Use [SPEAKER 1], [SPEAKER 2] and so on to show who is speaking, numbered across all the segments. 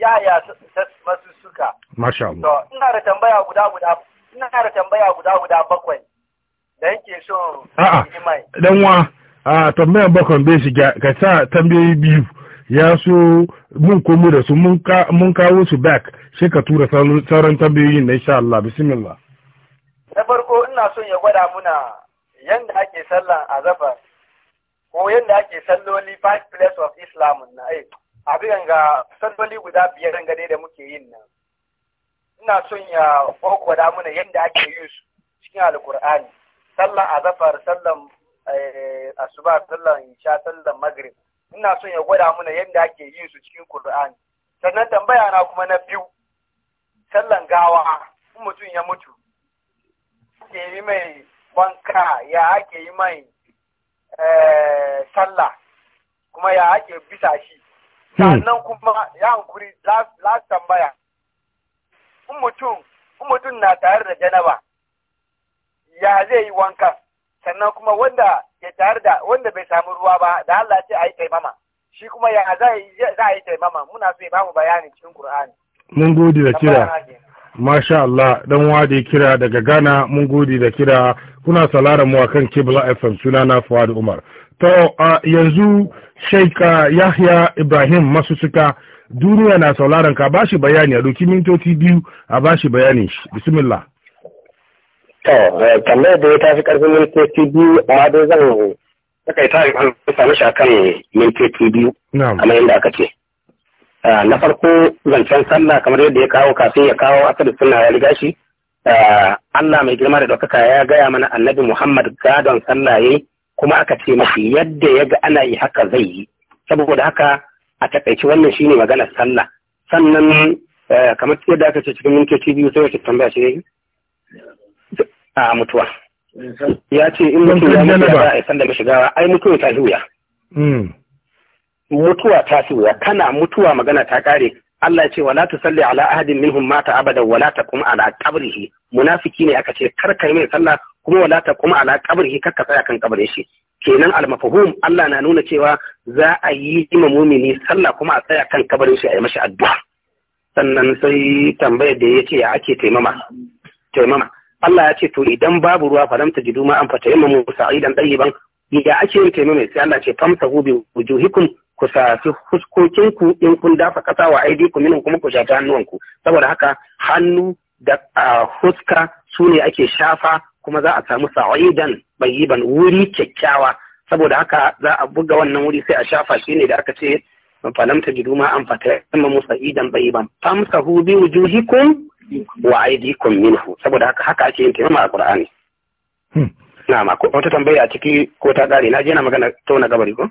[SPEAKER 1] yaya masu suka. Masha Allah. To, ina da tambaya guda guda, ina da tambaya guda guda bakwai. Da yake so. A'a, dan
[SPEAKER 2] wa, a tambayar bakwai bai shiga, ka sa tambayoyi biyu. Ya so mun komo da su mun kawo su back sai ka tura sauran tambayoyin na insha Allah bismillah.
[SPEAKER 1] Na farko ina son ya gwada muna yanda ake sallan azafar ko yanda ake salloli five place of Islam na eh abin ga sandali guda biyar dai da muke yin nan ina son ya kwakwada mana yadda ake yi su cikin alkur'ani sallan azafar sallan eh, asuba sallan isha sallan magrib ina son ya gwada mana yadda ake yi su cikin kur'ani sannan tambaya na kuma na biyu sallan gawa in mutum ya mutu ke yi mai wanka ya ake yi mai eh, sallah kuma ya ake bisa shi Hmm. sannan kuma ya hankuri last tambaya in mutum in mutum na tare da janaba ya zai yi wanka sannan kuma wanda ke tare da wanda bai samu ruwa ba da Allah ce a yi taimama shi kuma ya za a yi taimama muna so ya bamu bayani cikin Qur'ani
[SPEAKER 2] mun gode da kira Masha Allah dan wade kira daga Ghana mun gode da kira kuna salara mu akan Kibla FM sunana Fuad Umar To a yanzu Sheika uh, Yahya Ibrahim masu suka duniya na sauraron ka bashi bayani a doki mintoci biyu a bashi bayanin shi. Bismillah.
[SPEAKER 1] To, kamar eh, da ya tafi karfin mintoci biyu amma dai zan takai ta yi sami shi akan
[SPEAKER 2] mintoci biyu kamar yadda
[SPEAKER 1] aka ce. Eh, na farko zancen sallah kamar yadda ya kawo kafin ya kawo asali suna ya riga shi. Eh, Allah mai girma da ɗaukaka ya gaya mana annabi Muhammad gadon sallah yayi kuma aka ce mashi yadda ya ga ana yi haka zai yi saboda haka a takaici wannan shine magana sallah sannan eh, kamar yadda aka ce cikin mintoci biyu sai wacce tambaya ce a mutuwa ya ce in mutum ya mutu ya yi sallah shiga ai mutuwa ta huya hmm. mutuwa ta huya kana mutuwa magana ta kare Allah ya ce wala salli ala ahadin minhum mata abadan wala taqum ala qabrihi munafiki ne aka ce kar kai mai sallah kuma wala ta kuma ala shi kakka tsaya kan kabarin shi kenan al Allah na nuna cewa za a yi ima mumini sallah kuma a tsaya kan kabarin shi a yi mashi addu'a sannan sai tambayar da ya ce ya ake taimama taimama Allah ya ce to idan babu ruwa faramta tajidu ma an fata yamma musa idan ya ake yin taimama sai Allah ce famsa bi wujuhikum ku safi huskokinku in kun dafa kasa wa aidi ku minin kuma ku shafi hannuwanku saboda haka hannu da ah, huska sune ake shafa kuma za a samu sa'idan bayyiban wuri kyakkyawa saboda haka za a buga wannan wuri sai a shafa shi ne da aka ce falam ta jidu ma an fata yamma musa idan bayyiban famsahu bi wujuhikum wa aydikum minhu saboda haka haka ake yin taimama a qur'ani na ma ko wata tambaya a ciki ko ta kare na je na magana tauna gabari ko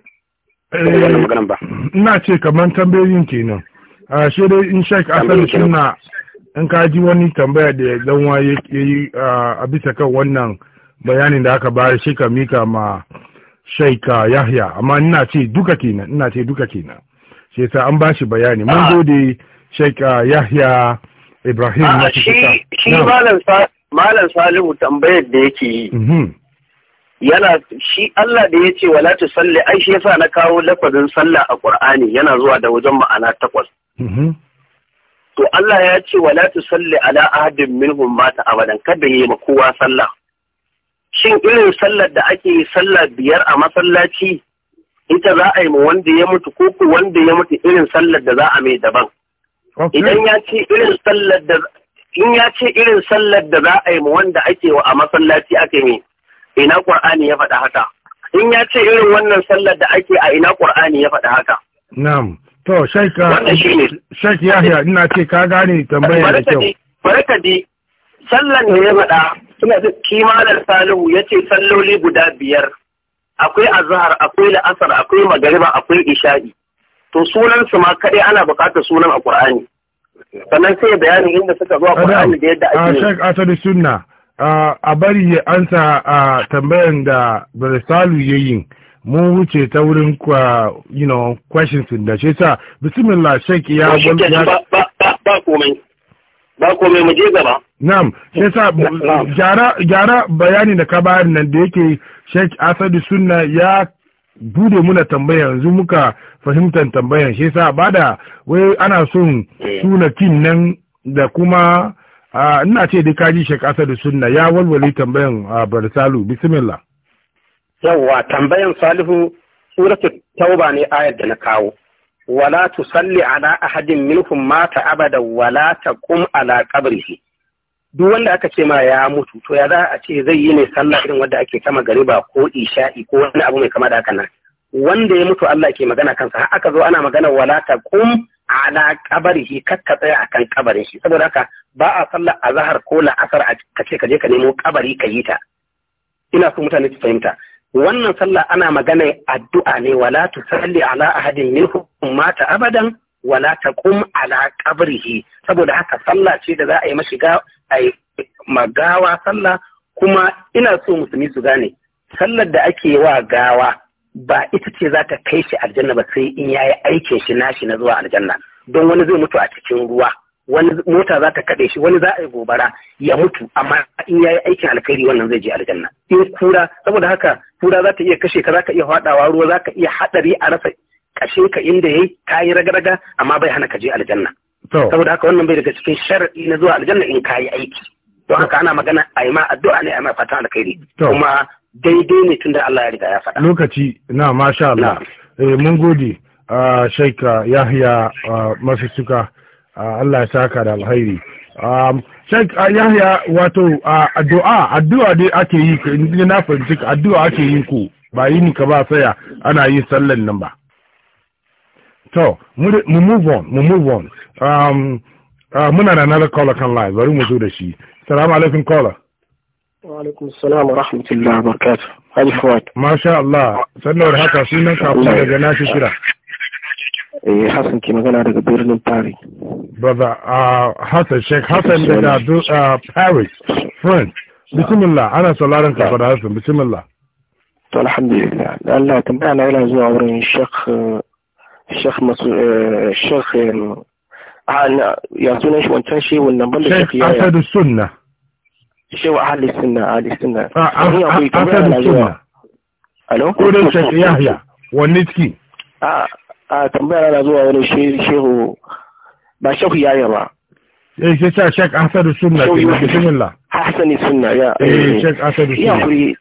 [SPEAKER 1] eh,
[SPEAKER 2] ina ce kamar tambayoyin kenan a ah, shi dai in shek asali suna in ka ji wani tambaya da dan waye yi a bisa kan wannan bayanin da aka bayar shi ka mika ma shaika yahya amma ina ce duka kenan ina ce duka kenan shi yasa an bashi bayani mun zo ah. da shaika yahya ibrahim ah, na shi shi malam
[SPEAKER 1] malam salihu tambayar da yake yi mm-hmm. yana shi Allah da ya ce wala tu salli ai shi yasa na kawo lafazin sallah a Qur'ani yana zuwa da wajen ma'ana takwas mm-hmm. to Allah ya ce wala salli ala ahadin minhum mata abadan kada yi ma kowa sallah shin irin sallar da ake yi sallah biyar a masallaci ita za a yi ma wanda ya mutu ko ku wanda ya mutu irin sallar da za a mai daban idan ya ce irin sallar da in ya ce irin sallar da za a yi ma wanda ake wa a masallaci ake mai ina qur'ani ya faɗa haka in ya ce irin wannan sallar da ake a ina qur'ani ya faɗa haka
[SPEAKER 2] na'am to shaika uh, yahya ina ce ka gane tambaya da kyau
[SPEAKER 1] barakadi sallan ne ya faɗa suna da kimanar salihu ya ce salloli guda biyar akwai azhar akwai la'asar akwai magariba akwai isha'i to sunan su ma kaɗai ana buƙatar sunan a ƙurani sannan sai bayanin inda suka zo a ƙurani da yadda ake uh, shaik
[SPEAKER 2] asali sunna uh, a bari ya ansa a tambayan da Barisalu ya yi mun wuce ta wurin kwa you know questions da shi ta bismillah shek ya ba ba ba komai ba komai mu je gaba na'am shi ta gyara gyara bayani da ka bayar nan da yake shek asadi sunna ya bude muna tambaya yanzu muka fahimtar tambayan shi sa bada wai ana son eh. suna kin nan da kuma ina ce da kaji shek asadu sunna ya walwale tambayan barsalu bismillah
[SPEAKER 1] yawwa tambayan salihu suratul tauba ne ayar da na kawo wala tusalli ala ahadin minhum mata abada wala taqum ala qabrihi duk wanda aka ce ma ya mutu to ya za a ce zai yi ne sallah irin wanda ake kama gariba ko isha'i ko wani abu mai kama da haka nan wanda ya mutu Allah ke magana kansa har aka zo ana magana wala taqum ala qabrihi kakka tsaya akan kabarin shi saboda haka ba a sallar azhar ko la'asar a kace ka je ka nemo kabari ka yi ta ina so mutane su fahimta wannan sallah ana magana addu'a ne wala salli ala ahadin minhum mata abadan wala taqum ala qabrihi saboda haka sallah ce da za a yi mashiga ga yi magawa sallah kuma ina so musulmi su gane sallar da ake wa gawa ba ita ce za ta kai shi aljanna ba sai in yayi aikin shi nashi na zuwa aljanna don wani zai mutu a cikin ruwa wani mota za ta kaɗe shi wani za a yi gobara ya mutu amma in ya yi aikin alkhairi wannan zai je aljanna in kura saboda haka kura za ta iya kashe ka za ka iya haɗawa ruwa za ka iya haɗari a rasa kashe ka inda yayi ka yi ragaraga amma bai hana ka je aljanna saboda haka wannan bai daga cikin sharaɗi na zuwa aljanna in ka yi aiki don haka ana magana a yi ma addu'a ne a yi ma fatan alkhairi kuma daidai ne tunda Allah ya riga ya
[SPEAKER 2] faɗa lokaci na masha Allah eh, mun gode ah, Sheikh Yahya ah, suka. Allah ya saka da alhairi Sheikh Yahya wato addu'a addu'a dai ake yi na fahimci addu'a ake yi ku ba yi ni ka ba saya ana yin sallan nan ba to mu move on mu move on muna da another caller kan live bari mu zo da shi salamu alaikum caller
[SPEAKER 1] wa alaikun assalam wa rahmatullahi wa
[SPEAKER 2] barakatuh masha Allah sannan haka sunan ka daga nashi shira. Hassan ke magana daga birnin Paris. Brother uh, Hassan Sheikh Hassan daga uh, Paris, French Bismillah, ana sauraron ka da Hassan, bismillah. To alhamdulillah,
[SPEAKER 1] da Allah tambaya na yana zuwa wurin Sheikh Sheikh Masu Sheikh ya sunan shi wancan shi wannan banda Sheikh ya. Sheikh Asadu Sunna. Sheikh Ahli Sunna, Ahli Sunna. Asadu Sunna. Alo? Ko dai Sheikh Yahya, wani ciki? a tambayar na zuwa wani shehu ba
[SPEAKER 2] shehu yaya ba eh ke sa shek asadu sunna ke bismillah
[SPEAKER 1] hasani sunna ya eh, eh, eh. shek asadu sunna ya kuri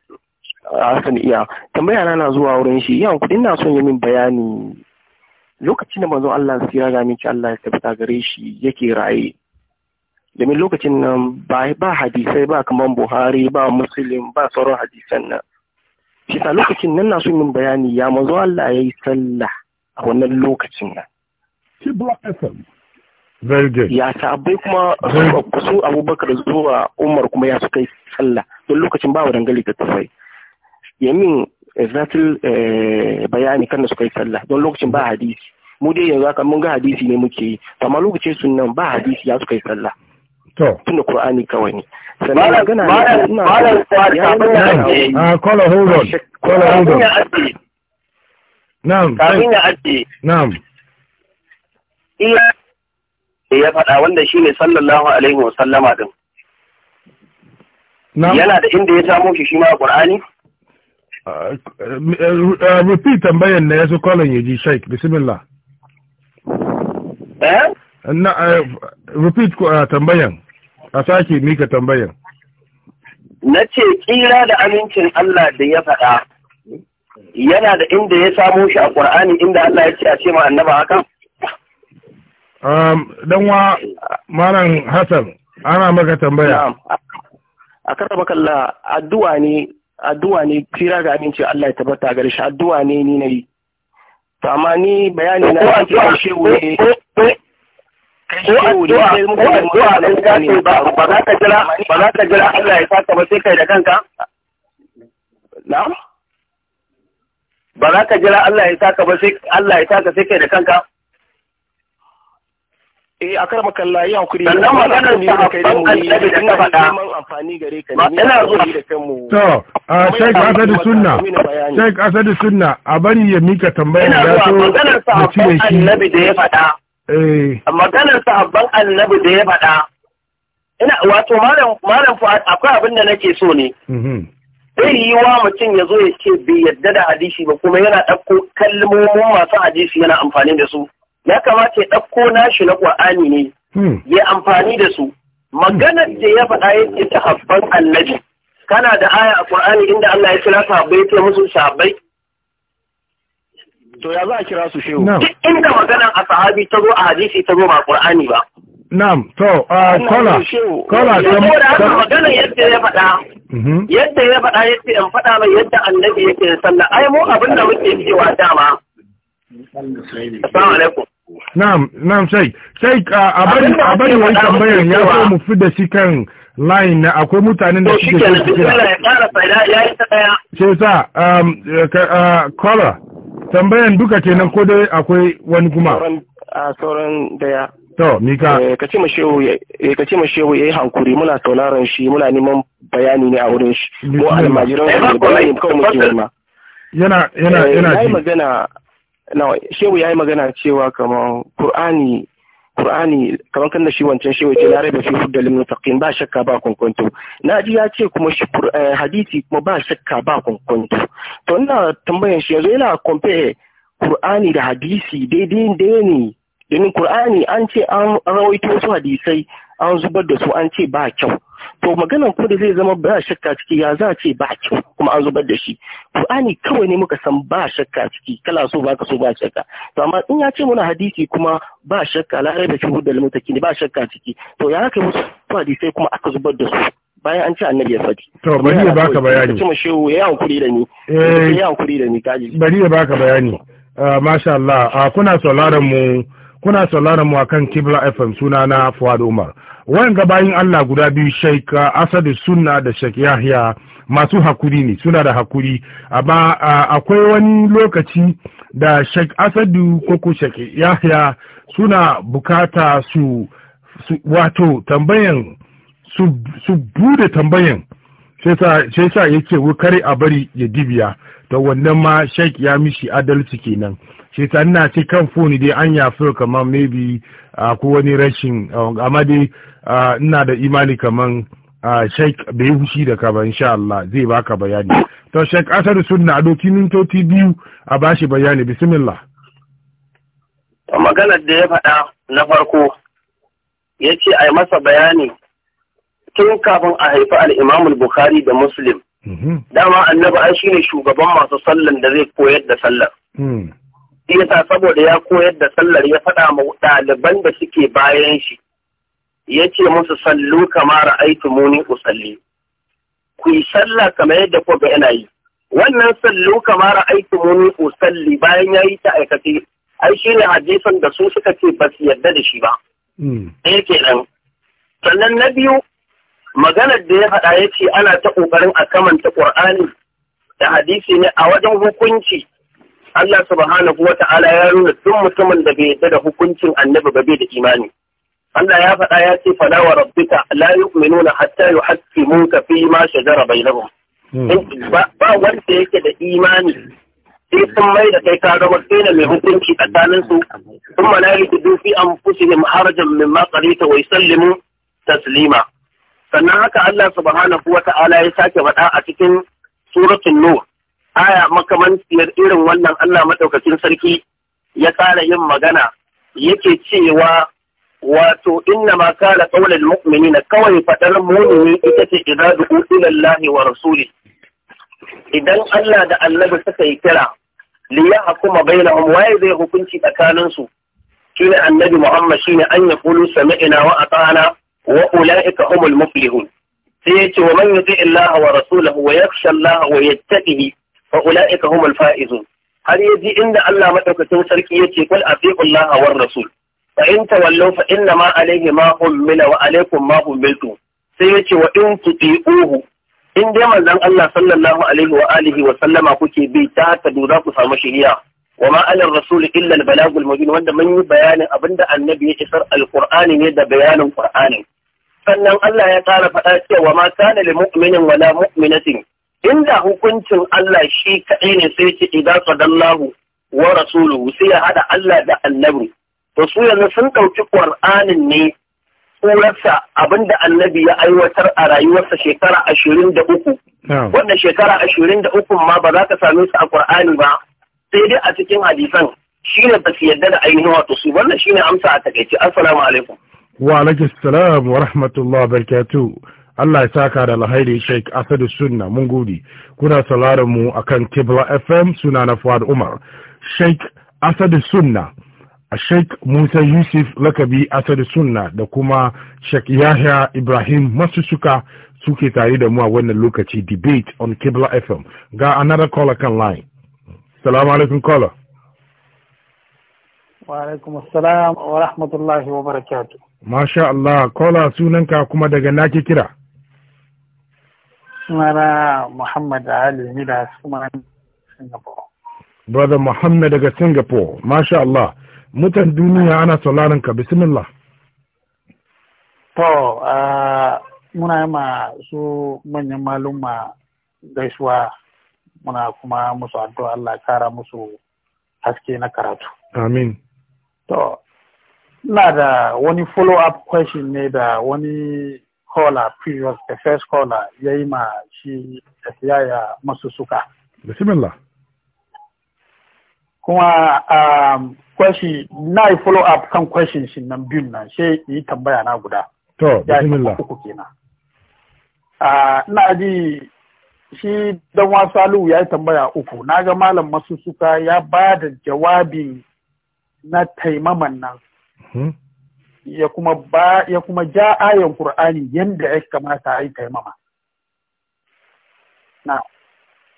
[SPEAKER 1] hasani iya tambayar na zuwa wurin shi ya kudi ina son min bayani lokacin da manzo Allah sira ga miki Allah ya tabbata gare shi yake raye domin lokacin nan ba ba hadisai ba kamar Buhari
[SPEAKER 3] ba Muslim ba sauran hadisan nan
[SPEAKER 1] shi lokacin nan na son yin bayani ya manzo Allah yayi sallah a wannan lokacin nan ya
[SPEAKER 4] abai kuma su abubakar zuwa umar kuma ya su kai
[SPEAKER 1] sallah don lokacin ba wa dangali da tufai. yamin eh, zatil eh, bayani kan da su kai sallah don lokacin ba hadisi mu dai yanzu haka mun ga hadisi ne muke yi amma lokacin nan ba hadisi ya su kai sallah tunda Kur'ani kawai ne sannan magana ne ina
[SPEAKER 2] kola ah, hold on kola hold on na'am kafin na ajiye na'am
[SPEAKER 1] iya ya faɗa wanda shi ne sallallahu alaihi wa sallama din
[SPEAKER 2] yana da inda ya samo
[SPEAKER 1] shi shi ma qur'ani
[SPEAKER 2] uh, uh, uh, Rufi tambayar na yasu kolon ya ji shaik. bismillah eh na rufi tambayan a sake mika tambayan
[SPEAKER 1] na ce kira da amincin Allah da ya faɗa yana da inda ya samo shi a Qur'ani inda Allah ya ce a ce ma annaba haka
[SPEAKER 2] dan wa malam Hassan ana maka tambaya
[SPEAKER 1] a karba kalla addu'a ne addu'a ne kira ga aminci Allah ya tabbata gare shi addu'a ne ni na yi. to amma ni bayani na yake kai shehu ne kai
[SPEAKER 2] addu'a ne sai muku addu'a ne ka ce ba ba za ka jira ba za ka jira Allah ya saka ba sai kai da kanka
[SPEAKER 3] na'am ba za ka
[SPEAKER 1] jira Allah ya saka ba sai Allah ya saka sai kai da kanka eh a makalla yi hakuri sannan maganar da kai da ka faɗa amfani gare ka ne
[SPEAKER 2] ina zuwa da to uh, Sheikh Asadu Sunna Sheikh Asadu Sunna a bari ya mika tambayar da so maganar sahabban annabi da ya faɗa eh
[SPEAKER 3] maganar
[SPEAKER 1] sahabban annabi da ya faɗa ina wato malam malam akwai abin da nake so ne mm-hmm. zai yi wa mutum ya zo ya ce bai yadda da hadisi ba kuma yana ɗauko kalmomin masu hadisi yana amfani da su ya kamata ya ɗauko nashi na ƙwa'ani ne hmm. ya amfani da su maganar da ya faɗa ce ta habban annabi kana da aya a ƙwa'ani inda Allah ya kira sahabbai ya musu sahabbai
[SPEAKER 4] to ya za a kira su shehu duk
[SPEAKER 1] inda maganar a sahabi ta zo a hadisi ta zo ba ƙwa'ani
[SPEAKER 2] ba Nam, to kola kola kola, yadda ya faɗa Mm-hmm.
[SPEAKER 1] yadda ya faɗa ya ce in faɗa mai yadda annabi yake sallah ai mu abin da muke ji
[SPEAKER 4] dama
[SPEAKER 2] assalamu alaikum na'am sai sai a bari a bari wani tambayar ya so mu fi da shi kan line na akwai mutanen da suke so su
[SPEAKER 1] kira
[SPEAKER 2] shi sa um uh, caller tambayan duka kenan ko dai akwai wani kuma
[SPEAKER 1] sauran uh, daya
[SPEAKER 2] To, Mika. Eh, ka ce ma shehu ya eh, yi hankuri muna sauraron shi muna neman bayani
[SPEAKER 1] ne a wurin shi. Mu almajiran su bayani kawai muke nema.
[SPEAKER 2] Yana yana eh, yana ji.
[SPEAKER 1] magana na shehu ya yi magana cewa kamar Kur'ani Qur'ani kamar kan da shi wancan shehu ce la raiba fi huddal muttaqin ba shakka ba kwankwanto. Na ji ya ce kuma shi eh, hadisi kuma ba shakka ba kunkunto. To ina tambayan shi yanzu yana compare Kur'ani da hadisi daidai daidai ne domin Kur'ani an ce an rawaito su hadisai an zubar da su an ce ba kyau to maganan ku da zai zama ba shakka ciki ya za ce ba kyau kuma an zubar da shi Kur'ani kawai ne muka san ba shakka ciki kala so ba ka so ba shakka to amma in ya ce muna hadisi kuma ba shakka la da fi hudal ne ba shakka ciki to ya kai musu hadisai kuma aka zubar da su bayan an ci annabi ya faɗi.
[SPEAKER 2] To bari ya baka bayani. Kuma
[SPEAKER 1] shehu ya hankuri da ni. Eh. ya
[SPEAKER 2] hankuri da ni kaji. Bari ya baka bayani. Ah, masha Allah ah, kuna sauraron mu kuna sauraron mu akan Kibla FM suna na Fuad Umar. Wayan bayin Allah guda biyu Sheikh Asadu Sunna da Sheikh Yahya masu hakuri ne suna da hakuri amma akwai wani lokaci da Sheikh Asadu ko ko Sheikh Yahya suna bukata su, su wato tambayan su, su bude tambayan sai sa yake wukari a bari ya dibiya da wannan ma Sheikh ya mishi adalci kenan. shi na ce kan foni dai an ya fi kamar maybe ko wani rashin amma dai ina da imani kamar sheik bai hushi da ka ba insha Allah zai baka bayani to sheik asar sunna a doki mintoti biyu a bashi bayani bismillah
[SPEAKER 3] maganar da ya faɗa na farko
[SPEAKER 1] ya ce a yi masa bayani tun kafin a haifi al'imamul bukhari da muslim mhm. dama annabi an shine shugaban masu sallan da zai koyar da sallar hmm. yasa saboda ya koyar da sallar ya faɗa ma ɗaliban da suke bayan shi ya ce musu sallu kamar aitu muni usalli ku yi sallah kamar yadda ku ga yana yi wannan sallu kamar aitu muni usalli bayan ya yi ta aikace ai shi ne hadisan da su suka ce ba su yarda da shi ba hmm. ɗaya kenan sannan na biyu maganar da ya faɗa ya ce ana ta ƙoƙarin a kamanta ƙur'ani da hadisi ne a wajen hukunci Allah subhanahu wa ta'ala ya nuna duk mutumin da bai yadda da hukuncin annabi ba bai da imani Allah ya faɗa ya ce fala wa rabbika la yu'minuna hatta yuhaqqimuka fi ma shajara bainahum hmm. ba wanda yake da imani sai sun mai da kai ka zama tsena mai hukunci tsakanin su sun malali ku dufi an fusihim harajan min ma wai wa taslima sannan haka Allah subhanahu wa ta'ala ya sake faɗa a cikin suratul nur aya makamanciyar irin wannan Allah maɗaukacin sarki ya ƙara yin magana yake cewa wato inna ma kana mumini na kawai faɗar mu'mini ita ce idza du'u ila Allah wa rasuli idan Allah da Annabi suka yi kira li yahkuma bainahum waye zai hukunci tsakanin su shine Annabi Muhammad shine an yaqulu sami'na wa ata'na wa ulaika humul muflihun sai yace wa man yuti Allah wa rasulahu wa yakhsha Allah wa yattaqihi fa ulaika humul faizun har yaji inda Allah maɗaukacin sarki yace kul afiqullaha war rasul fa in tawallaw fa inna ma ma ummila wa alaykum ma ummiltu sai yace wa in tuti'uhu in dai manzon Allah sallallahu alaihi wa alihi wa sallama kuke bi ta ta za ku samu shiriya wa ma alal rasul illa al wanda mun yi bayanin abinda annabi ya isar alqur'ani ne da bayanin qur'ani sannan Allah ya ƙara faɗa cewa ma kana lil mu'minin wala mu'minatin inda hukuncin Allah shi kaɗai ne sai ce idan sadallahu wa rasuluhu sai ya haɗa Allah da annabi to su yanzu sun ɗauki ƙur'anin ne tsurarsa abinda annabi ya aiwatar a rayuwarsa shekara ashirin da uku wannan shekara ashirin da uku ma ba za ka same su a ƙur'ani ba sai dai a cikin hadisan shi ne ba su yarda da ainihin wato su wannan shi ne amsa a takaice assalamu alaikum
[SPEAKER 2] wa alaikum salam wa rahmatullah barakatuh Allah ya taka da alhairi Sheikh Asadu Sunna mun gode kuna sauraron mu akan Kibla FM suna na Fuad Umar Sheikh Asadu Sunna Sheikh Musa Yusuf Lakabi Asadu Sunna da kuma Sheikh Yahya Ibrahim Masusuka suke tare da mu a wannan lokaci debate on Kibla FM ga another caller kan line Assalamu alaikum caller
[SPEAKER 4] Wa alaikum assalam wa rahmatullahi wa barakatuh
[SPEAKER 2] Masha Allah, kola sunanka kuma daga nake kira.
[SPEAKER 4] sunana Muhammad Ali da sunan Singapore.
[SPEAKER 2] Brother Muhammad daga Singapore, Masha Allah, mutan duniya ana sauraron ka bismillah.
[SPEAKER 4] To, muna yi ma su manyan malumma gaisuwa muna kuma musu addu'a Allah kara musu haske na karatu. Amin. To, na da wani follow-up question ne da wani kola previous the first kola, ya yi ma shi tafiya ya masu suka. Bismillah. Kuma um, question na yi follow up kan question shi nan biyun nan sai yi tambaya na guda.
[SPEAKER 2] To, bismillah. Ya yi
[SPEAKER 4] kenan. Ah, na ji shi dan wasu alu ya yi tambaya uku na ga malam masu suka ya ba da jawabin na taimaman nan. Hmm? ya kuma ba ya kuma ja ayan Qur'ani yanda ya kamata a yi taimama na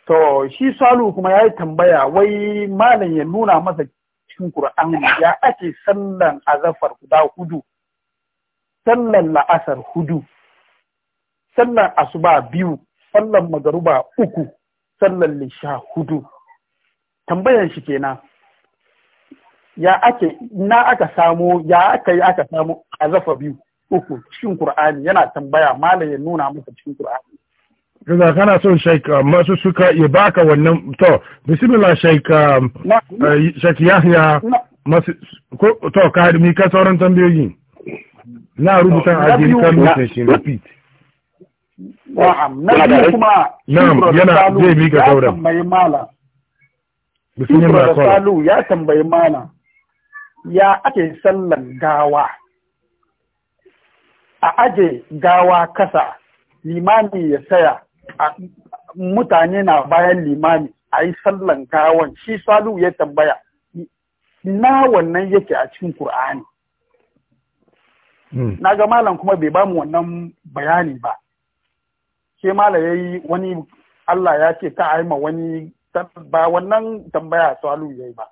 [SPEAKER 4] to shi salu kuma ya yi tambaya wai malam ya nuna masa cikin Qur'ani ya ake sallan azafar guda hudu sallan la'asar hudu sallan asuba biyu sallan magaruba uku sallan lisha hudu tambayar shi kenan ya ake na aka samu ya aka yi aka samu zafa biyu uku cikin Kur'ani yana tambaya malam ya nuna masa cikin Kur'ani.
[SPEAKER 2] kaza kana son Sheikh uh, masu suka ya baka wannan to bismillah Sheikh um, uh, Sheikh Yahya masu ko to ka mi ka sauran tambayoyi na rubuta a jin kan mutum shi repeat
[SPEAKER 4] na'am na biyu kuma na'am yana zai mika sauran mai malam bismillah ya tambayi malam ya ake sallan gawa a aje gawa kasa limani ya saya mutane na bayan limami a yi sallan gawan shi salu ya tambaya na wannan yake a cikin Kur'ani. Hmm. Na ga malam kuma bai bamu mu wannan bayani ba. Ke malam ya yi wani Allah ya ce ta aima wani ba wannan tambaya salu ya yi
[SPEAKER 3] ba.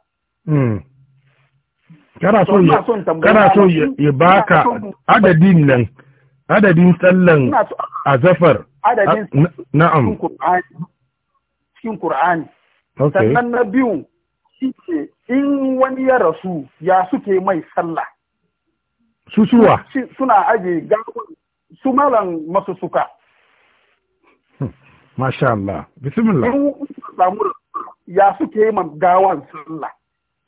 [SPEAKER 2] Hmm. kana so ya kana so ya baka adadin nan adadin sallan azafar na'am
[SPEAKER 4] cikin Qur'ani
[SPEAKER 2] sannan na
[SPEAKER 4] biyu shike in wani ya rasu ya suke mai sallah su suwa suna aje gawar su malam masu suka
[SPEAKER 2] hmm. masha Allah bismillah
[SPEAKER 4] ya suke man gawan sallah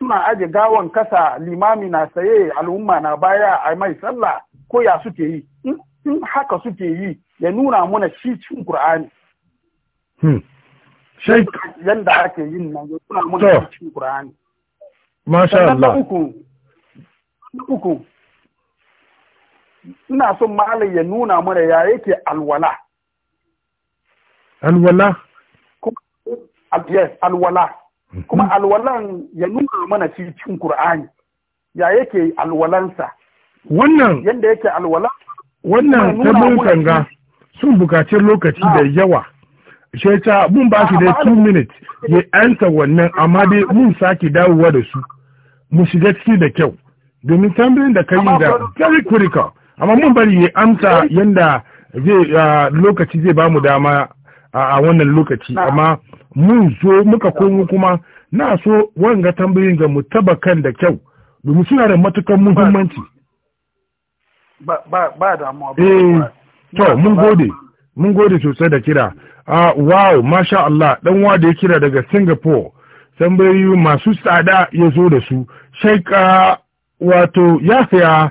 [SPEAKER 4] suna aje gawan kasa limami na saye al'umma na baya a mai sallah ko ya suke yi in haka suke yi ya nuna mana shi cin qur'ani
[SPEAKER 2] hmm. shai
[SPEAKER 4] yanda ake yin nan ya nuna mana shi cin qur'ani
[SPEAKER 2] masha Allah uku
[SPEAKER 4] uku ina son malai ya nuna mana ya yake alwala alwala yes alwala kuma alwalan ya nuna mana cikin Kur'ani ya yake alwalansa wannan yanda yake alwalan
[SPEAKER 2] wannan tabon kanga sun bukaci lokaci da ah. yawa shi ta mun ba shi dai 2 ah, minutes ya anta wannan amma dai mun sake dawowa da su mu shiga ciki da kyau domin tambayin da kai da very critical amma mun bari ya amsa yanda zai ah, lokaci zai ba mu dama a wannan lokaci amma mun zo muka komo kuma na so wanga tambayin ga mu tabakan da kyau domin suna da matukan muhimmanci
[SPEAKER 4] ba ba eh,
[SPEAKER 2] to mun gode mun gode sosai da kira ah wow masha Allah dan wa da ya kira daga Singapore tambayoyi masu tsada ya zo da su shaika ah, wato ya saya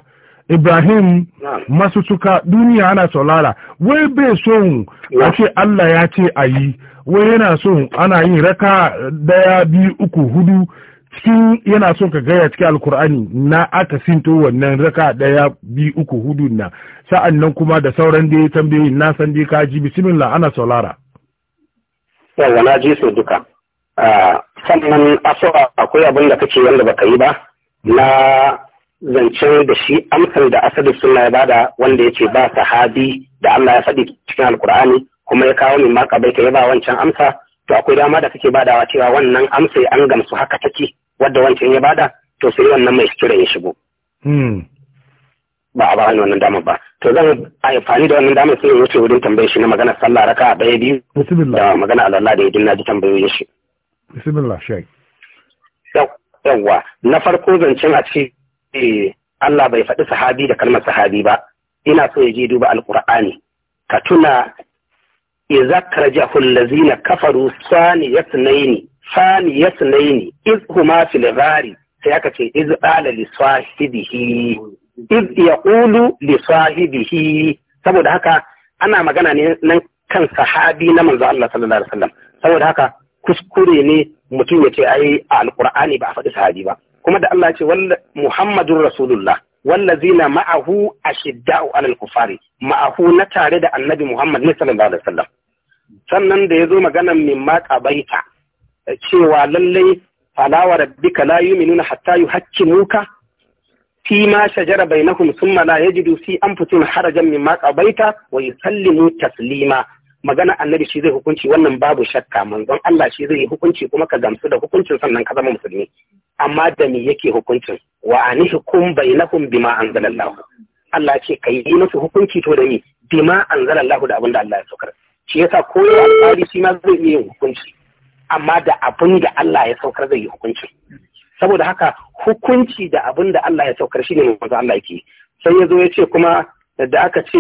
[SPEAKER 2] Ibrahim masu suka duniya ana saurara wai bai son a ce Allah ya ce a yi wai yana son ana yin raka daya biyu uku hudu cikin yana son ka gaya cikin alkur'ani na aka sinto wannan raka daya biyu uku hudu na sa'an nan kuma da sauran da ya tambayi na san dai kaji bismillah ana saurara
[SPEAKER 1] yawa na ji su duka ah, sannan aso akwai abin da kake wanda baka yi ba na zancen da shi amsar da asali suna ya bada wanda ya ce ba sahabi da Allah ya faɗi cikin alkur'ani kuma ya kawo min maka bai ya ba wancan amsa to akwai dama da kake badawa cewa wannan amsa an gamsu haka take wadda wancan ya bada to sai wannan mai kiran ya shigo hmm. ba a ba wani wannan dama ba to zan amfani da wannan dama sai wuce wurin tambayar shi na magana sallah raka a ɗaya biyu da magana alallah da idin na ji tambayoyin shi
[SPEAKER 2] bismillah shek
[SPEAKER 1] yawwa na farko zancen a cikin eh Allah bai faɗi sahabi da kalmar sahabi ba ina so ya je duba alqur'ani ka tuna idza karjahu allazina kafaru sani yasnaini sani yasnaini iz huma fil ghari sai aka ce iz qala li sahibihi iz yaqulu li sahibihi saboda haka ana magana ne nan kan sahabi na manzo Allah sallallahu alaihi wasallam saboda haka kuskure ne mutum ya ce ai alqur'ani ba a faɗi sahabi ba kuma da Allah ce Muhammadun Rasulullah wallazina ma'ahu ashidda'u alal kufari ma'ahu na tare da annabi Muhammad ne sallallahu alaihi wasallam sannan da ya zo maganan min ma qabaita cewa lalle fala wa rabbika la yu'minuna hatta yuhaqqimuka fi ma shajara bainahum thumma la yajidu fi anfusihim harajan mimma baita wa yusallimu taslima magana annabi shi zai hukunci wannan babu shakka manzon Allah shi zai hukunci kuma ka gamsu da hukuncin sannan ka zama musulmi amma da me yake hukuncin wa anihkum bainakum bima anzalallahu Allah ce kai yi musu hukunci to da me bima anzalallahu da abinda Allah ya saukar shi yasa ko ya alƙali shi ma zai yi hukunci amma da abin da Allah ya saukar zai yi hukunci saboda haka hukunci da abin da Allah ya saukar shine manzo Allah yake sai ya zo ya ce kuma da aka ce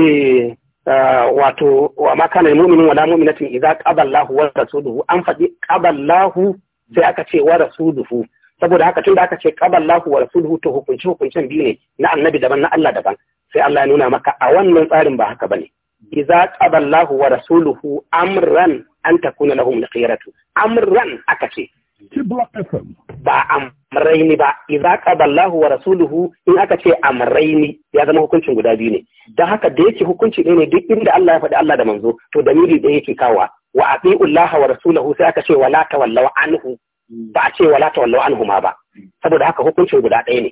[SPEAKER 1] Ah, wato wa ma kana mu'minin wala mu'minatin idza qada Allahu wa rasuluhu an faɗi qada Allahu sai aka ce wa rasuluhu saboda haka tunda aka ce qada Allahu wa rasuluhu to hukunci hukuncin biyu ne na annabi daban na Allah daban sai Allah ya nuna maka a wannan tsarin ba haka bane idza qada Allahu wa rasuluhu amran an takuna lahum al-khiyaratu amran aka ce
[SPEAKER 4] ci block fm
[SPEAKER 1] ba amraini ba idza qada Allahu wa rasuluhu in aka ce amraini ya zama hukuncin guda biyu ne dan haka da yake hukunci ne duk inda Allah ya faɗi Allah da manzo to dalili da yake kawa wa atiu Allah wa rasuluhu sai aka ce wala tawallaw anhu ba a ce wala tawallaw anhu ma ba saboda haka hukuncin guda ɗaya ne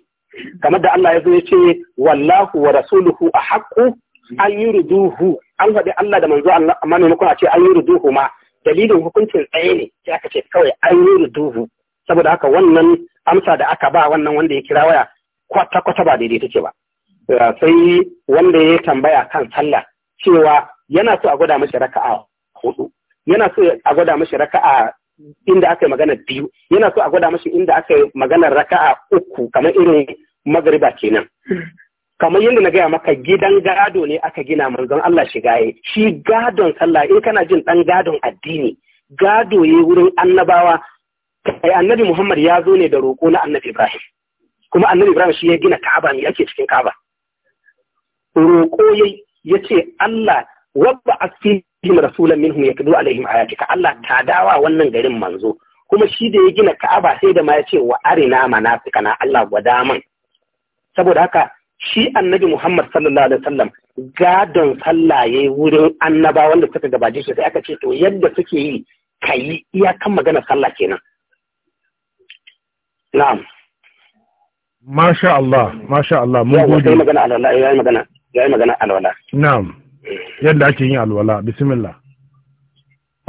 [SPEAKER 1] kamar da Allah ya zo ya ce wallahu wa rasuluhu a haƙƙu an yi ruduhu an faɗi Allah da manzo amma maimakon a ce an yi ruduhu ma dalilin hukuncin tsaye ne sai aka ce kawai an yi duhu saboda haka wannan amsa da aka ba wannan wanda ya kira waya kwata kwata ba daidai take ba sai wanda ya tambaya kan sallah cewa yana so a gwada mashi raka'a hudu yana so a gwada mashi raka'a inda aka yi magana biyu yana so a gwada mashi inda aka yi maganar raka'a uku kamar irin magariba kenan kamar yadda na gaya maka gidan gado ne aka gina manzon Allah shi gaye shi gadon sallah in kana jin dan gadon addini gado ya wurin annabawa kai annabi Muhammad ya zo ne da roƙo na annabi Ibrahim kuma annabi Ibrahim shi ya gina Ka'aba ne yake cikin Ka'aba roƙo ya yace Allah rabba asfihim rasulan minhum yakdu alaihim ayatika Allah ta dawa wannan garin manzo kuma shi da ya gina Ka'aba sai da ma yace wa arina kana Allah gwada man saboda haka shi annabi Muhammad sallallahu alaihi wasallam gadon sallaye wurin annaba wanda suka gabaje shi sai aka ce to yadda suke yi kayi iyakan magana sallah kenan na'am
[SPEAKER 2] masha Allah masha Allah mun gode yayi magana
[SPEAKER 1] alwala yayi magana yayi magana alwala
[SPEAKER 2] na'am yadda ake yin alwala bismillah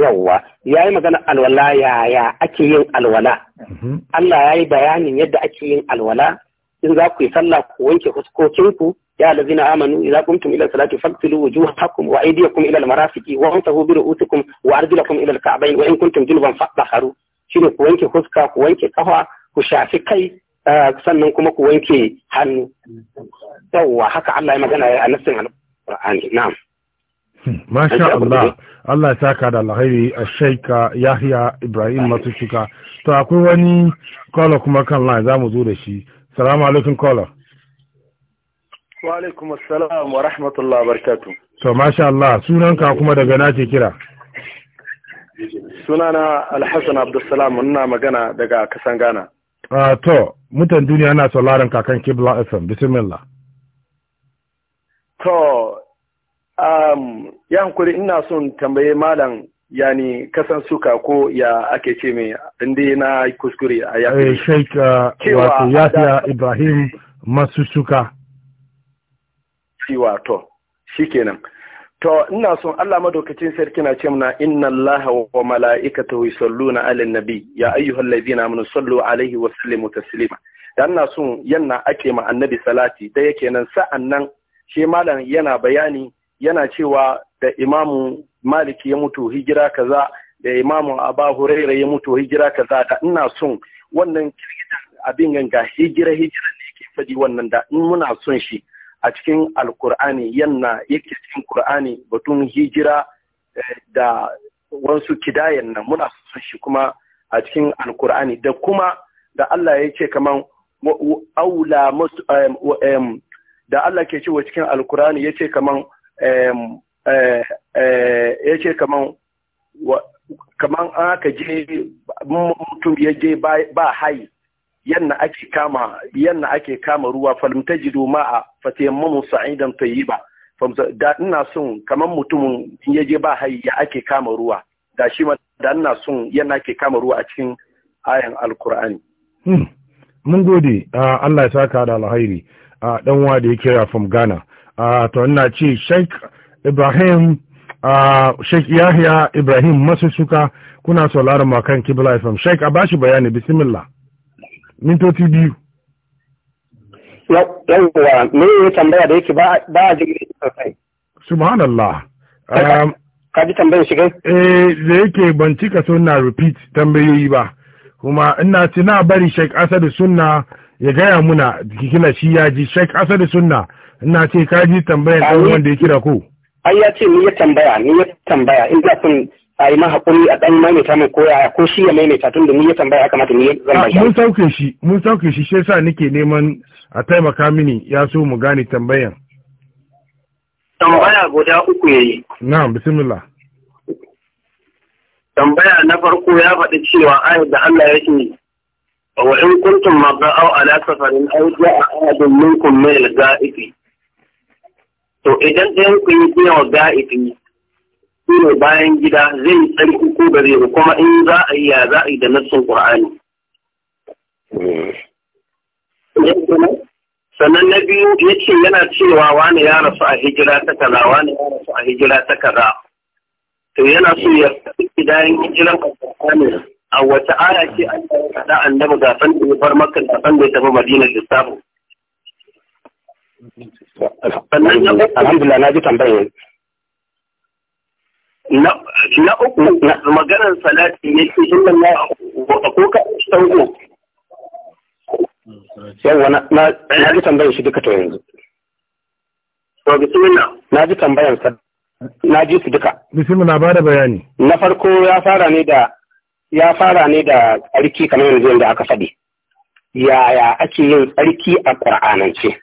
[SPEAKER 5] yawwa
[SPEAKER 1] yayi magana alwala yaya ake yin alwala mhm. Allah yayi bayanin yadda ake yin alwala in za ku yi sallah ku wanke fuskokinku ya allazina amanu idza qumtum ila salati faghsilu wujuhakum wa aydiyakum ila marafiki wa amsahu bi ru'usikum wa arjulakum ila alka'bayn wa in kuntum junuban fatahharu shine ku wanke fuska ku wanke kafa ku shafi kai eh, sannan kuma ku wanke hannu yawwa haka Allah ya magana a nassin alqur'ani na'am
[SPEAKER 2] Masha Allah, Allah ya saka da alhairi a shaika uh, Yahya Ibrahim Matushika. To akwai wani kwallo kuma kan line za mu zo da shi. salamu alaikum kola
[SPEAKER 3] wa alaikum assalam wa rahmatullahi barkatu
[SPEAKER 2] so masha Allah sunanka kuma daga na ke kira
[SPEAKER 3] sunana alhassan abdulsalam ina magana daga kasan Gana.
[SPEAKER 2] uh, to mutan duniya na sauraron kakan kibla fm bismillah
[SPEAKER 3] to um, ya hankuri ina son tambaye malam yani kasan suka ko ya ake ce mai inda na kuskure a yafi eh,
[SPEAKER 2] sheik uh, wato yafiya ibrahim masu suka
[SPEAKER 3] cewa to shikenan to ina son Allah madaukacin sarki na ce muna inna Allah wa mala'ikatahu yusalluna 'alan nabi ya ayyuhallazina amanu sallu 'alaihi wa sallimu taslima dan ina son yanna ake ma annabi salati da yake nan sa'annan shi malam yana bayani yana cewa da imamu maliki ya mutu hijira kaza da imamu abu huraira ya mutu hijira kaza da ina son wannan abin ganga hijira hijira ne ke faɗi wannan da in muna son shi a cikin alkur'ani yanna yake cikin kur'ani batun hijira eh, da wasu kidayen nan muna son shi kuma a cikin alkur'ani da kuma da Allah ya ce kaman aula da Allah ke ce wa cikin alkur'ani ya ce kaman Eh, eh, ya ce kaman an aka je mutum ya je ba hayi yanna ake kama yanna ake kama ruwa falmtajidu ma'a fatayammamu sa'idan tayyiba da ina sun kaman mutumin ya je ba hayi ya ake kama ruwa da shi ma da ina sun yana ake kama ruwa a cikin ayan alkur'ani
[SPEAKER 2] hmm. mun gode ah, Allah ya saka da alhairi ah, dan wa da ya kira from Ghana ah, to ina ce Sheikh ibrahim sheikh yahya ibrahim masussuka kuna sauraron kan kibla fm sheikh a bashi bayani bismillah mintoci biyu
[SPEAKER 1] yauwa me ya tambaya da yake ba
[SPEAKER 2] a jirgin sosai subhanallah ka um, ji tambayar shi kai eh da yake ban cika sunna repeat tambayoyi ba kuma ina tuna bari Sheikh Asad sunna ya gaya muna kila shi ya ji Sheikh Asad sunna ina ce ka ji tambayar ɗan wanda ya kira ko
[SPEAKER 1] ai ya ce ni ya tambaya ni ya tambaya in za sun a yi man haƙuri a ɗan maimaita mai koya ko shi ya maimaita tun da ni ya tambaya ya kamata ni ya zama ah, ya
[SPEAKER 2] Mun sauke shi mun sauke shi shi yasa nake neman a taimaka mini ya so mu gane tambayan.
[SPEAKER 1] Tambaya guda uku ya yi.
[SPEAKER 2] Na'am bismillah.
[SPEAKER 1] Tambaya na farko ya faɗi cewa ayat da Allah ya yake wa in kuntum maga'aw ala safarin aw ja'a ahadun minkum mulkin mai gaibi to idan ɗayan ku yi biyan wa ga'ifi ne bayan gida zai yi tsari ko ba zai kuma in za a yi ya za a yi da nassin ƙur'ani. sannan na biyu ya ce yana cewa wani ya rasu a hijira ta kaza wani ya rasu a hijira ta kaza to yana so ya gida yin hijiran qur'ani a wata aya ce an kaɗa annabi ga san da ya bar makka da san da ya tafi madina lissafin alhamdulillah na ji tambayin na uku maganar salati ya ce inda na ko ka sauko yawwa na na ji tambayar shi duka to yanzu na ji tambayar sa na ji su duka
[SPEAKER 2] bismillah ba da bayani na farko
[SPEAKER 1] ya fara ne da ya fara ne da tsarki kamar yanzu yadda aka faɗi yaya ake yin tsarki a ƙur'anance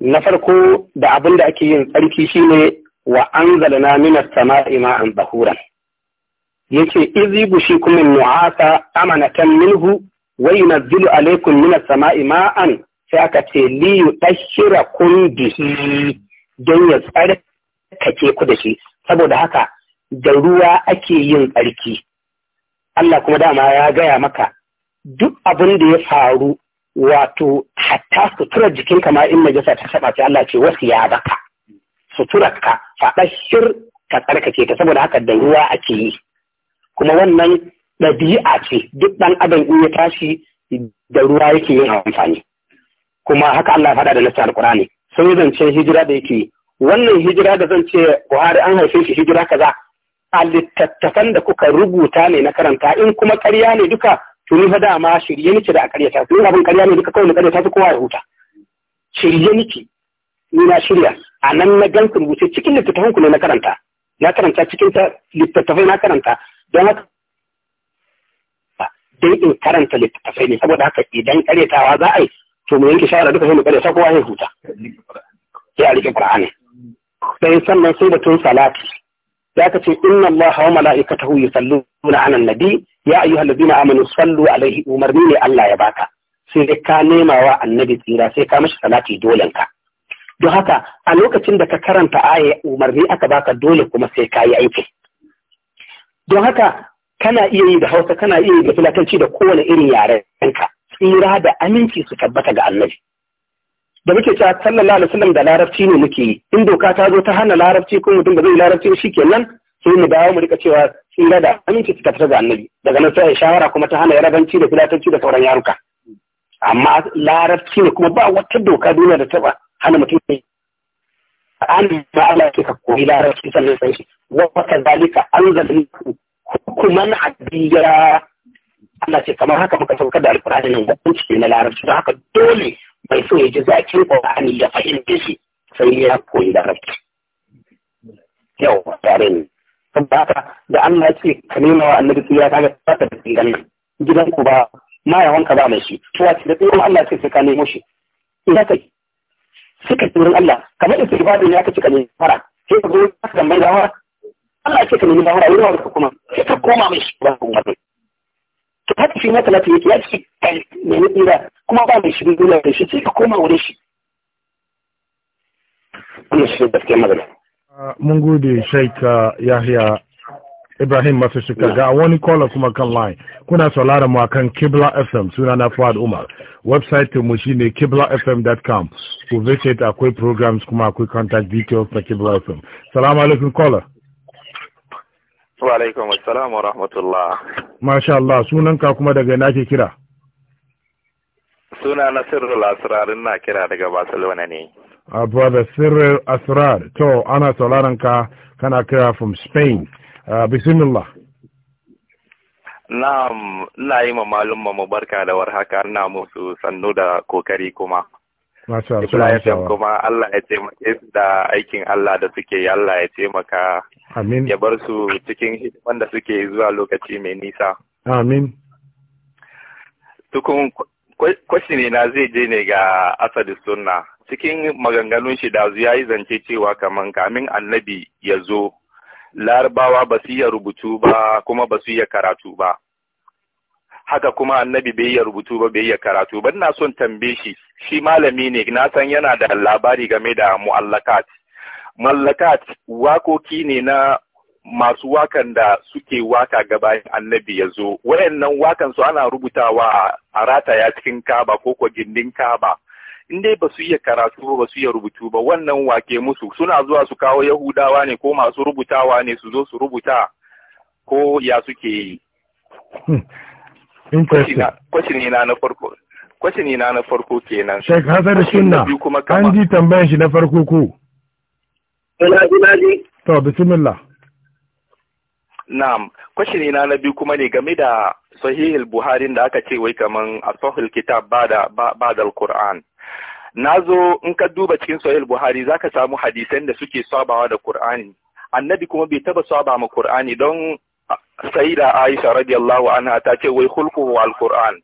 [SPEAKER 1] na farko da abin da ake yin tsarki shine wa zalana minas sama'i ma'an bahuran yace izi gushi kuma nu'asa amanatan minhu wa yunazzilu alaykum minas sama'i ma'an sai aka ce li yudashira kun bihi don ya tsarkake ku da shi saboda haka da ruwa ake yin tsarki Allah kuma dama ya gaya maka duk abin da ya faru wato hatta suturar jikin kama in majalisa ta saba ce Allah ce wasu ya baka suturar ka shir ka tsarkake ta saboda haka da ruwa ake yi kuma wannan ɗabi'a ce duk ɗan adam in ya tashi da ruwa yake yin amfani kuma haka Allah faɗa da nasa alƙur'ani sai zance hijira da yake wannan hijira da zan ce Buhari an haife shi hijira kaza a littattafan da kuka rubuta ne na karanta in kuma karya ne duka Tuni fa dama shirye nake da a karyata to abin karya ne duka kawai na karyata su kowa ya huta shirye nake ni na shirya a nan na gan rubuce cikin littattafan ku ne na karanta na karanta cikin littattafai na karanta don haka dai in karanta littattafai ne saboda haka idan karyatawa za a yi to mu yanke shawara duka sai mu karyata kowa ya huta sai a rike qur'ani sai sannan sai tun salati Ya ka ce inna Allah wa mala'ikatahu yusalluna 'alan nabi ya ladina amanu sallu alaihi umarni ne Allah ya baka sai ka nema wa annabi tsira sai ka mashi salati dolen ka don haka a lokacin da ka karanta aya umarni aka baka dole kuma sai ka yi aiki don haka kana iya yi da Hausa kana iya yi da filatanci, da kowane irin yaren yarenka tsira da aminci su tabbata ga annabi da muke cewa sallallahu alaihi wasallam da larabci ne muke yi in doka ta zo ta hana larabci ko mutum ba zai larabci ba nan, sai mu dawo mu rika cewa tsira da aminci suka fita ga annabi daga nan sai shawara kuma ta hana yarabanci da filatanci da sauran yaruka amma larabci ne kuma ba wata doka duniya da taba hana mutum ne an ba Allah ke ka koyi larabci sannan sai shi wa kazalika anzalna hukuman adiyya Allah ce kamar haka muka saukar da alkur'ani nan hukunci na larabci don haka dole bai so ya ji zakin ƙwa'ani ya fahimta shi sai ya koyi da rafi. yau tare ne saboda haka da Allah ce ka nema wa annabi tsira kaga tsaka da tsiran nan gidan ku ba ma wanka ba mai shi tuwa ce da tsoron Allah ce sai ka nemo shi ina ka suka tsoron Allah kamar da ibadu ne aka ci ka nemi fara sai ka zo ka tambayi da Allah ce ka nemi da wurin ka kuma sai ka koma mai shi ba kuma to ta tafi mata lafiya ya ce kai mai nufi kuma ba mai shirin dole da shi sai ka koma wurin shi
[SPEAKER 3] wannan shi
[SPEAKER 2] gaskiyar magana mun gode shaika uh, yahya ibrahim masu shika ga wani kola kuma kan line kuna sauraron mu akan kibla fm suna na fuad umar website mu shine kiblafm.com ku visit akwai programs kuma akwai contact details na kibla fm salamu alaikum caller
[SPEAKER 5] Wa alaikum wa rahmatullah.
[SPEAKER 2] Masha Allah sunanka kuma daga ina ke kira?
[SPEAKER 5] Suna na Sirrul asirarin na kira daga Barcelona ne.
[SPEAKER 2] A ah, brother Sirrul asirar to ana sauraron ka kana kira from Spain. Uh, bismillah.
[SPEAKER 5] Na'am, yi ma malumma mu barka da warhaka ina musu sannu da kokari kuma.
[SPEAKER 2] Ibrahim kuma
[SPEAKER 5] Allah ya taimake su da aikin Allah da suke yi Allah ya taimaka ya bar su cikin hidiman da suke zuwa lokaci mai nisa. Amin. Tukun kwashini na zai je ne ga Asadu Sunna cikin maganganun shi da ya yi zance cewa kamar kamin annabi ya zo larabawa ba su iya rubutu ba kuma ba su iya karatu ba. haka kuma annabi bai iya rubutu ba bai iya karatu ba ina son tambaye shi shi malami ne na san yana da labari game da mu'allakat mallakat wakoki ne na masu wakan da suke waka bayan annabi ya zo wayannan wakan su ana rubutawa a rataya cikin kaba ko ko gindin kaba in dai ba su iya karatu ba su iya rubutu ba wannan wake musu suna zuwa su kawo yahudawa ne ko masu rubutawa ne su zo su rubuta ko ya suke yi
[SPEAKER 2] hmm. Kwacini
[SPEAKER 5] na na farko. kenan. Sheikh Hassan Sunna. An ji
[SPEAKER 2] tambayan shi na farko ko.
[SPEAKER 5] Ina na ji.
[SPEAKER 2] To bismillah.
[SPEAKER 5] Na'am, kwashini na na biyu kuma ne game da Sahihil Buhari da aka ce wai kaman asahul kitab ba da al-Qur'an. Nazo in ka duba cikin Sahihil Buhari zaka samu hadisan da suke sabawa da Qur'ani. Annabi kuma bai taba saba ma Qur'ani don sai da Aisha radiyallahu anha ta ce wai hulquhu al-Qur'an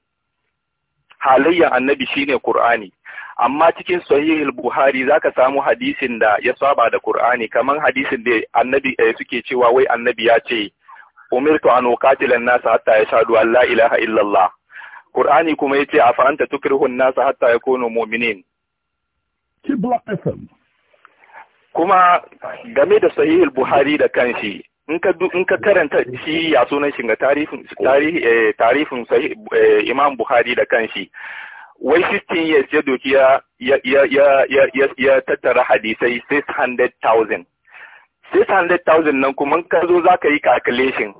[SPEAKER 5] halayyan annabi shine Qur'ani amma cikin sahihul Buhari zaka samu hadisin da ya saba da Qur'ani kaman hadisin da annabi eh, suke cewa wai annabi ya ce umirtu an uqatila an-nas hatta yashhadu an la ilaha illallah Qur'ani kuma yace afa anta tukrihu an-nas hatta yakunu mu'minin kuma game da sahihul Buhari da kanshi in ka karanta shi ya sunan shi ga tarihin eh, eh, imam buhari da kanshi wai 15 years ya doki ya tattara hadisai 600,000 600,000 nan kuma ka zo za ka yi calculation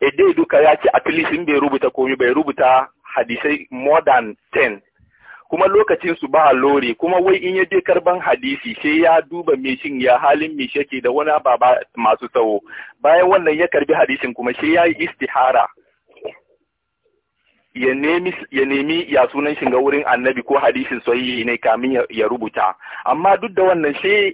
[SPEAKER 5] dai duka ya ce at least bai rubuta komi bai rubuta hadisai more than 10 kuma lokacin su ba a lore kuma wai in ya je karban hadisi sai ya duba me ya halin me shake da wani baba masu tsawo bayan wannan ya karbi hadisin kuma sai ya yi istihara ya nemi ya sunan shiga wurin annabi ko hadisin sahihi ne kamin ya rubuta amma duk da wannan sai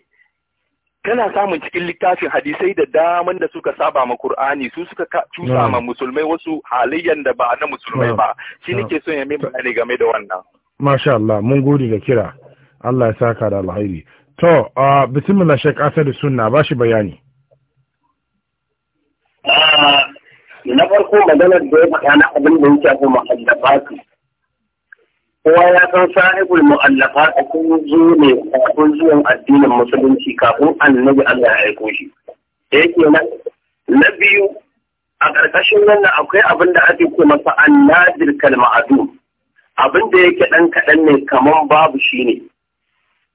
[SPEAKER 5] kana samun cikin littafin hadisai da daman da suka saba ma Kur'ani su suka cusa ma musulmai wasu halayyan da ba na musulmai ba shi nake son ya mai bayani game da wannan
[SPEAKER 2] masha Allah mun gode da kira Allah ya saka da alhairi to a bismillah shek asali sunna ba shi bayani
[SPEAKER 1] na farko maganar da ya faɗa na abin da ya ma'allafa su, kowa ya san ma'allafa a kun zo ne kafin zuwan addinin musulunci kafin annabi Allah ya aiko shi da yake nan na biyu a ƙarƙashin wannan akwai abin da ake ce masa annadir kalma'adu abin da yake ɗan kaɗan ne kaman babu shi ne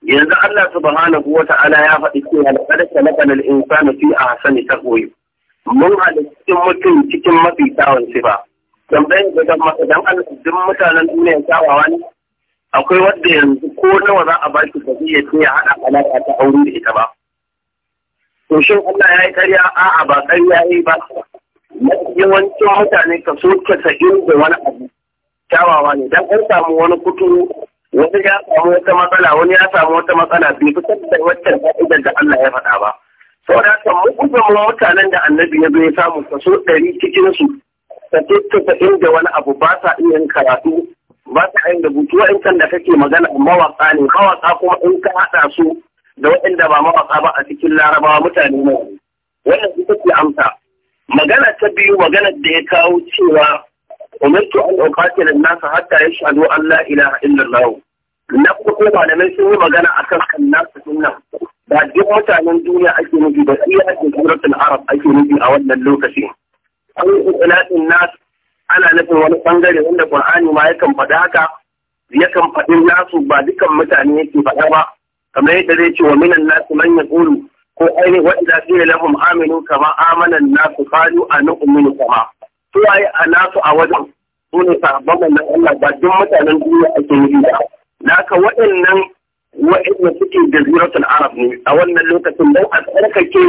[SPEAKER 1] yanzu Allah subhanahu wa ta'ala ya faɗi cewa laqad khalaqana al insani fi ta taqwim mun cikin mutum cikin mafi ba. sifa dan dan dan don Allah duk mutanen duniya kyawawa ne akwai wanda yanzu ko nawa za a baki ba zai ce ya haɗa alaƙa ta aure da ita ba to shin Allah ya yi ƙarya a'a ba ƙarya yi ba yawancin mutane kaso 90 da wani abu kyawawa ne dan an samu wani kuturu wani ya samu wata matsala wani ya samu wata matsala bai fitar da waccan ka'idar da Allah ya faɗa ba saboda haka mu gudunmu mutanen da annabi ya zo ya samu kaso ɗari cikin su ka inda wani abu ba sa iya yin karatu ba sa yin rubutu wa'incan da kake magana mawaka ne mawaka kuma in ka haɗa su da waɗanda ba mawaka ba a cikin larabawa mutane ne wannan ita ce amsa magana ta biyu maganar da ya kawo cewa umirtu an uqatil an-nas hatta yashhadu an la ilaha illa Allah na kuma malamai sun yi magana akan annas dinnan ba duk mutanen duniya ake nufi ba sai ake suratul arab ake nufi a wannan lokaci. an ilahin nas ana nufin wani bangare wanda qur'ani ma yakan faɗi haka yakan faɗi nasu ba dukkan mutane yake faɗa ba kamar yadda zai ce wa minan nasu man yaqulu ko ainihin wa idza qila lahum aminu kama amana an-nas qalu anu'minu kama su a nasu a wajen su ne sahabban wannan Allah ba duk mutanen duniya ake yi Na naka waɗannan waɗanda suke da ziratul arab ne a wannan lokacin don a tsarkake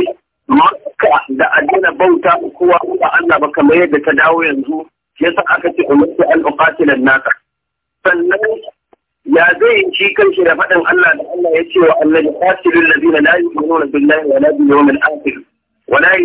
[SPEAKER 1] maka da adina bauta kowa ba Allah ba kamar yadda ta dawo yanzu ya sa aka ce umarci al naka sannan ya zai ci kanshi da faɗin Allah da Allah ya ce wa Allah na ladina la yu'minuna billahi wa na bil yawmil akhir wa la